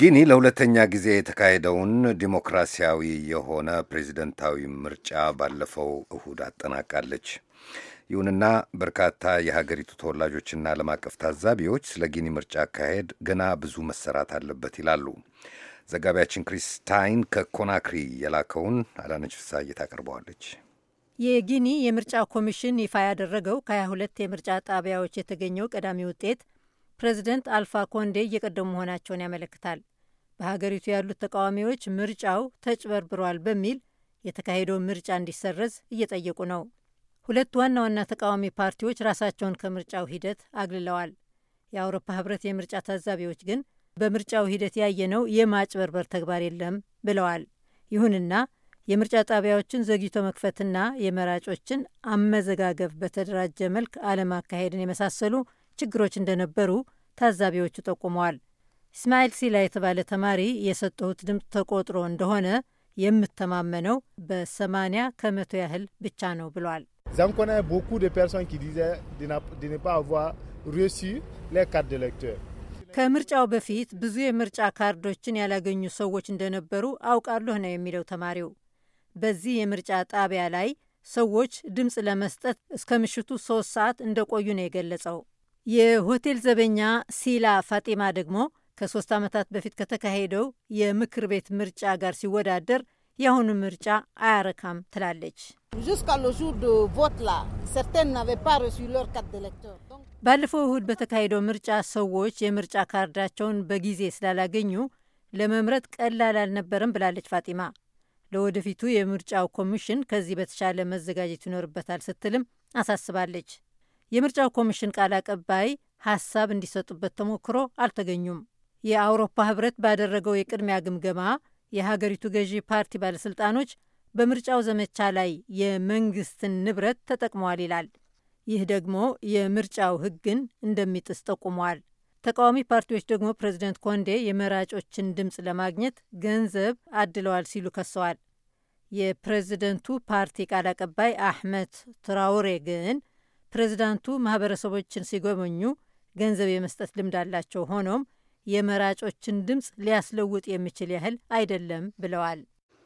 ጊኒ ለሁለተኛ ጊዜ የተካሄደውን ዲሞክራሲያዊ የሆነ ፕሬዚደንታዊ ምርጫ ባለፈው እሁድ አጠናቃለች። ይሁንና በርካታ የሀገሪቱ ተወላጆችና ዓለም አቀፍ ታዛቢዎች ስለ ጊኒ ምርጫ አካሄድ ገና ብዙ መሰራት አለበት ይላሉ። ዘጋቢያችን ክሪስታይን ከኮናክሪ የላከውን አዳነች ፍሳዬ ታቀርበዋለች። የጊኒ የምርጫ ኮሚሽን ይፋ ያደረገው ከ22 የምርጫ ጣቢያዎች የተገኘው ቀዳሚ ውጤት ፕሬዚደንት አልፋ ኮንዴ እየቀደሙ መሆናቸውን ያመለክታል። በሀገሪቱ ያሉት ተቃዋሚዎች ምርጫው ተጭበርብሯል በሚል የተካሄደው ምርጫ እንዲሰረዝ እየጠየቁ ነው። ሁለት ዋና ዋና ተቃዋሚ ፓርቲዎች ራሳቸውን ከምርጫው ሂደት አግልለዋል። የአውሮፓ ህብረት የምርጫ ታዛቢዎች ግን በምርጫው ሂደት ያየነው የማጭበርበር ተግባር የለም ብለዋል። ይሁንና የምርጫ ጣቢያዎችን ዘግይቶ መክፈትና የመራጮችን አመዘጋገብ በተደራጀ መልክ አለማካሄድን የመሳሰሉ ችግሮች እንደነበሩ ታዛቢዎቹ ጠቁመዋል። እስማኤል ሲላ የተባለ ተማሪ የሰጠሁት ድምፅ ተቆጥሮ እንደሆነ የምተማመነው በሰማንያ ከመቶ ያህል ብቻ ነው ብሏል። ከምርጫው በፊት ብዙ የምርጫ ካርዶችን ያላገኙ ሰዎች እንደነበሩ አውቃለሁ ነው የሚለው ተማሪው። በዚህ የምርጫ ጣቢያ ላይ ሰዎች ድምፅ ለመስጠት እስከ ምሽቱ ሶስት ሰዓት እንደቆዩ ነው የገለጸው። የሆቴል ዘበኛ ሲላ ፋጢማ ደግሞ ከሶስት ዓመታት በፊት ከተካሄደው የምክር ቤት ምርጫ ጋር ሲወዳደር የአሁኑ ምርጫ አያረካም ትላለች። ባለፈው እሁድ በተካሄደው ምርጫ ሰዎች የምርጫ ካርዳቸውን በጊዜ ስላላገኙ ለመምረጥ ቀላል አልነበረም ብላለች ፋጢማ። ለወደፊቱ የምርጫው ኮሚሽን ከዚህ በተሻለ መዘጋጀት ይኖርበታል ስትልም አሳስባለች። የምርጫው ኮሚሽን ቃል አቀባይ ሀሳብ እንዲሰጡበት ተሞክሮ አልተገኙም። የአውሮፓ ህብረት ባደረገው የቅድሚያ ግምገማ የሀገሪቱ ገዢ ፓርቲ ባለሥልጣኖች በምርጫው ዘመቻ ላይ የመንግስትን ንብረት ተጠቅመዋል ይላል። ይህ ደግሞ የምርጫው ህግን እንደሚጥስ ጠቁሟል። ተቃዋሚ ፓርቲዎች ደግሞ ፕሬዚደንት ኮንዴ የመራጮችን ድምፅ ለማግኘት ገንዘብ አድለዋል ሲሉ ከሰዋል። የፕሬዝደንቱ ፓርቲ ቃል አቀባይ አሕመድ ትራውሬ ግን ፕሬዚዳንቱ ማህበረሰቦችን ሲጎበኙ ገንዘብ የመስጠት ልምድ አላቸው፣ ሆኖም የመራጮችን ድምፅ ሊያስለውጥ የሚችል ያህል አይደለም ብለዋል።